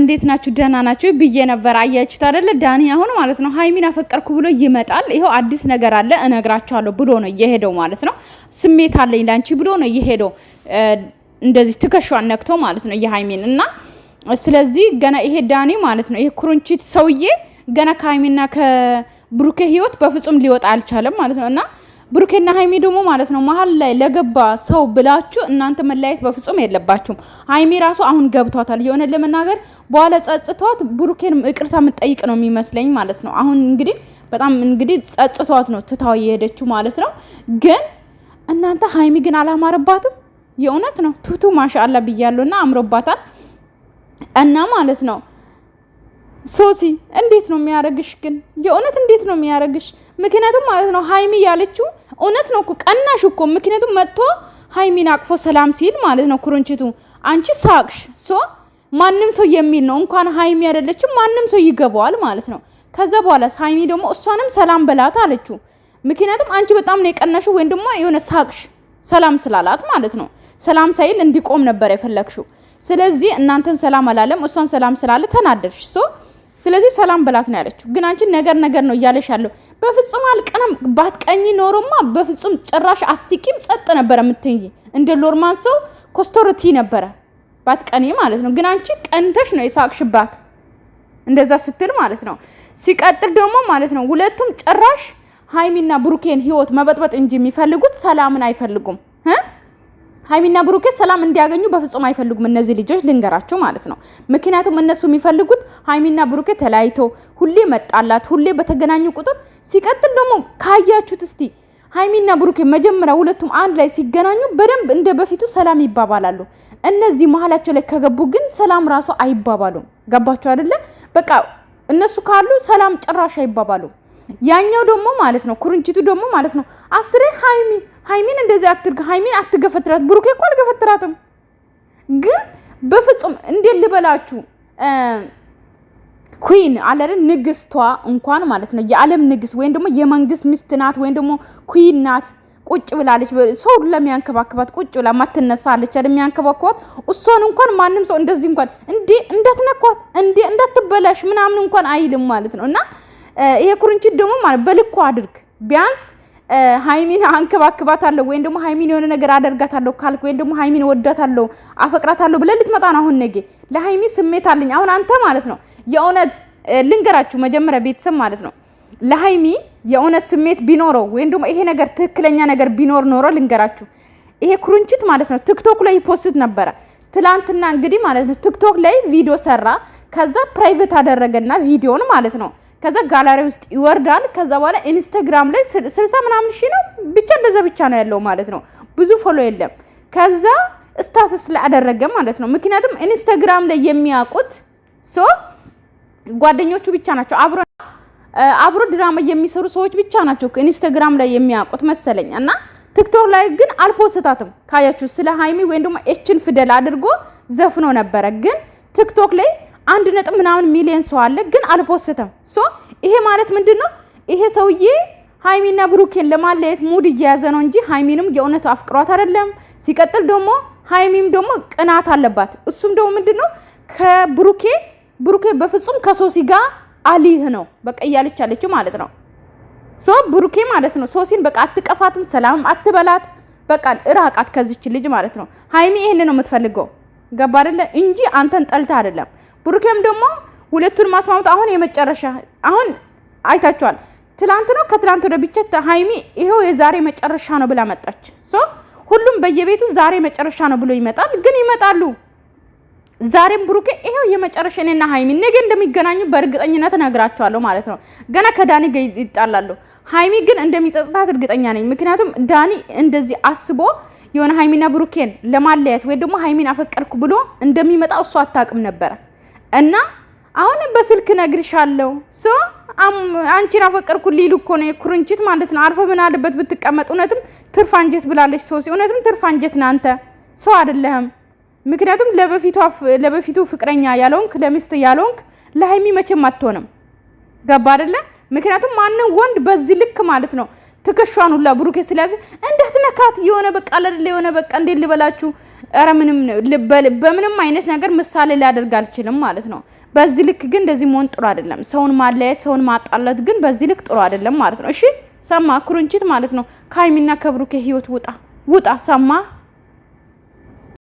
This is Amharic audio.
እንዴት ናችሁ? ደህና ናችሁ ብዬ ነበር። አያችሁት አደለ ዳኒ አሁን ማለት ነው ሀይሚን አፈቀርኩ ብሎ ይመጣል። ይኸው አዲስ ነገር አለ እነግራችኋለሁ ብሎ ነው እየሄደው ማለት ነው። ስሜት አለኝ ላንቺ ብሎ ነው እየሄደው እንደዚህ ትከሿን ነክቶ ማለት ነው የሀይሚን እና ስለዚህ ገና ይሄ ዳኒ ማለት ነው ይሄ ኩርንችት ሰውዬ ገና ከሀይሚና ከብሩኬ ህይወት በፍጹም ሊወጣ አልቻለም ማለት ነው እና ብሩኬና ሀይሚ ደግሞ ማለት ነው መሀል ላይ ለገባ ሰው ብላችሁ እናንተ መለያየት በፍጹም የለባችሁም። ሀይሚ ራሱ አሁን ገብቷታል። የሆነ ለመናገር በኋላ ጸጽቷት ብሩኬንም እቅርታ የምጠይቅ ነው የሚመስለኝ ማለት ነው። አሁን እንግዲህ በጣም እንግዲህ ጸጽቷት ነው ትታው የሄደችው ማለት ነው። ግን እናንተ ሀይሚ ግን አላማረባትም። የእውነት ነው ቱቱ ማሻአላ ብያለሁና አምሮባታል። እና ማለት ነው ሶሲ እንዴት ነው የሚያረግሽ? ግን የእውነት እንዴት ነው የሚያረግሽ? ምክንያቱም ማለት ነው ሀይሚ ያለችው እውነት ነው እኮ ቀናሽ እኮ ምክንያቱም መጥቶ ሀይሚን አቅፎ ሰላም ሲል ማለት ነው ኩርንችቱ አንቺ ሳቅሽ ሶ ማንም ሰው የሚል ነው እንኳን ሀይሚ አይደለችም ማንም ሰው ይገባዋል ማለት ነው ከዛ በኋላ ሀይሚ ደግሞ እሷንም ሰላም በላት አለችው ምክንያቱም አንቺ በጣም ነው የቀናሽው ወይም ደግሞ የሆነ ሳቅሽ ሰላም ስላላት ማለት ነው ሰላም ሳይል እንዲቆም ነበር የፈለግሽው ስለዚህ እናንተን ሰላም አላለም እሷን ሰላም ስላለ ተናደድሽ ሶ ስለዚህ ሰላም በላት ነው ያለችው። ግን አንቺ ነገር ነገር ነው እያለሽ ያለው በፍጹም አልቀናም። ባትቀኝ ኖሮማ በፍጹም ጭራሽ አስቂም ጸጥ ነበረ የምትኝ እንደ ሎርማን ሰው ኮስተሮቲ ነበረ ባትቀኒ ማለት ነው። ግን አንቺ ቀንተሽ ነው የሳቅሽባት እንደዛ ስትል ማለት ነው። ሲቀጥል ደግሞ ማለት ነው ሁለቱም ጭራሽ ሀይሚና ብሩኬን ህይወት መበጥበጥ እንጂ የሚፈልጉት ሰላምን አይፈልጉም። ሀይሚና ብሩኬ ሰላም እንዲያገኙ በፍጹም አይፈልጉም። እነዚህ ልጆች ልንገራቸው ማለት ነው። ምክንያቱም እነሱ የሚፈልጉት ሀይሚና ብሩኬ ተለያይቶ ሁሌ መጣላት፣ ሁሌ በተገናኙ ቁጥር ሲቀጥል ደግሞ ካያችሁት እስቲ ሀይሚና ብሩኬ መጀመሪያ ሁለቱም አንድ ላይ ሲገናኙ በደንብ እንደ በፊቱ ሰላም ይባባላሉ። እነዚህ መሀላቸው ላይ ከገቡ ግን ሰላም ራሱ አይባባሉም። ገባቸው አይደለ? በቃ እነሱ ካሉ ሰላም ጭራሽ አይባባሉም። ያኛው ደግሞ ማለት ነው ኩርንችቱ ደግሞ ማለት ነው አስሬ ሀይሚ ሀይሚን እንደዚህ አትርግ፣ ሀይሚን አትገፈትራት። ብሩኬ እኮ አልገፈትራትም፣ ግን በፍጹም እንዴት ልበላችሁ ኩን አለርን ንግስቷ እንኳን ማለት ነው የዓለም ንግስት ወይም ደግሞ የመንግስት ሚስት ናት ወይም ደግሞ ኩን ናት። ቁጭ ብላለች። ሰው ለሚያንከባክባት ቁጭ ብላ ማትነሳ አለች አይደል? የሚያንከባክባት እሷን እንኳን ማንም ሰው እንደዚህ እንኳን እንዴ እንዳትነኳት እንዴ እንዳትበላሽ ምናምን እንኳን አይልም ማለት ነው እና ይሄ ኩርንችት ደግሞ ማለት በልኩ አድርግ። ቢያንስ ሀይሚን አንከባክባታለሁ ወይም ደግሞ ሃይሚን የሆነ ነገር አደርጋታለሁ ካልክ ወይም ደግሞ ሃይሚን ወዳታለሁ አፈቅራታለሁ ብለህ ልትመጣ ነው። አሁን ነገ ለሀይሚ ስሜት አለኝ። አሁን አንተ ማለት ነው የእውነት ልንገራችሁ፣ መጀመሪያ ቤተሰብ ማለት ነው ለሀይሚ የእውነት ስሜት ቢኖረው ወይም ደግሞ ይሄ ነገር ትክክለኛ ነገር ቢኖር ኖሮ ልንገራችሁ፣ ይሄ ኩርንችት ማለት ነው ቲክቶክ ላይ ይፖስት ነበረ። ትላንትና እንግዲህ ማለት ነው ቲክቶክ ላይ ቪዲዮ ሰራ፣ ከዛ ፕራይቬት አደረገና ቪዲዮን ማለት ነው ከዛ ጋላሪ ውስጥ ይወርዳል። ከዛ በኋላ ኢንስታግራም ላይ ስልሳ ምናምን ሺ ነው ብቻ እንደዛ ብቻ ነው ያለው ማለት ነው። ብዙ ፎሎ የለም። ከዛ ስታስስ ላይ ማለት ነው። ምክንያቱም ኢንስታግራም ላይ የሚያውቁት ሶ ጓደኞቹ ብቻ ናቸው አብሮ አብሮ ድራማ የሚሰሩ ሰዎች ብቻ ናቸው ኢንስታግራም ላይ የሚያውቁት መሰለኝ እና ቲክቶክ ላይ ግን አልፖስታትም። ካያችሁ ስለ ሃይሚ ወይም ደግሞ ኤችን ፊደል አድርጎ ዘፍኖ ነበረ ግን ቲክቶክ ላይ አንድ ነጥብ ምናምን ሚሊየን ሰው አለ፣ ግን አልፖስተም። ሶ ይሄ ማለት ምንድን ነው? ይሄ ሰውዬ ሀይሚና ብሩኬን ለማለየት ሙድ እየያዘ ነው እንጂ ሀይሚንም የእውነቱ አፍቅሯት አይደለም። ሲቀጥል ደግሞ ሀይሚም ደግሞ ቅናት አለባት። እሱም ደግሞ ምንድን ነው ከብሩኬ ብሩኬ በፍጹም ከሶሲ ጋር አሊህ ነው በቃ እያለች ያለችው ማለት ነው። ሶ ብሩኬ ማለት ነው ሶሲን በቃ አትቀፋትም፣ ሰላምም አትበላት፣ በቃ እራቃት ከዚች ልጅ ማለት ነው። ሀይሚ ይሄን ነው የምትፈልገው ገባ አይደለ እንጂ አንተን ጠልታ አይደለም። ብሩኬም ደግሞ ሁለቱን ማስማማት አሁን የመጨረሻ አሁን አይታችኋል። ትላንት ነው ከትላንት ወደ ብቻ ሀይሚ ይኸው የዛሬ መጨረሻ ነው ብላ መጣች። ሶ ሁሉም በየቤቱ ዛሬ መጨረሻ ነው ብሎ ይመጣል፣ ግን ይመጣሉ። ዛሬም ብሩኬ ይኸው የመጨረሻ እኔና ሀይሚ ነገ እንደሚገናኙ በእርግጠኝነት እነግራቸዋለሁ ማለት ነው። ገና ከዳኒ ጋር ይጣላሉ። ሀይሚ ግን እንደሚጸጽታት እርግጠኛ ነኝ። ምክንያቱም ዳኒ እንደዚህ አስቦ የሆነ ሀይሚና ብሩኬን ለማለያት ወይ ደግሞ ሀይሚን አፈቀርኩ ብሎ እንደሚመጣ እሱ አታውቅም ነበረ። እና አሁን በስልክ ነግርሻለሁ። ሶ አንቺን አፈቀርኩ ሊሉ እኮ ነው የኩርንችት ማለት ነው። አርፈ ምን አለበት ብትቀመጥ። እውነትም ትርፍ አንጀት ብላለች ሶሲ። እውነትም ትርፍ አንጀት ነህ አንተ፣ ሰው አይደለህም። ምክንያቱም ለበፊቱ ፍቅረኛ ያለውንክ ለሚስት ያለውንክ ለሀይሚ መቼም አትሆንም። ገባ አይደለ? ምክንያቱም ማንም ወንድ በዚህ ልክ ማለት ነው ትከሿን ሁላ ብሩኬ ስለያዘ እንዳትነካት የሆነ በቃ ለድለ የሆነ በቃ እንዴት ልበላችሁ ኧረ ምንም በምንም አይነት ነገር ምሳሌ ሊያደርግ አልችልም ማለት ነው። በዚህ ልክ ግን እንደዚህ መሆን ጥሩ አይደለም። ሰውን ማለያየት፣ ሰውን ማጣላት ግን በዚህ ልክ ጥሩ አይደለም ማለት ነው። እሺ ሰማ ክሩንችት ማለት ነው። ከሀይሚና ከብሩኬ ህይወት ውጣ ውጣ ሰማ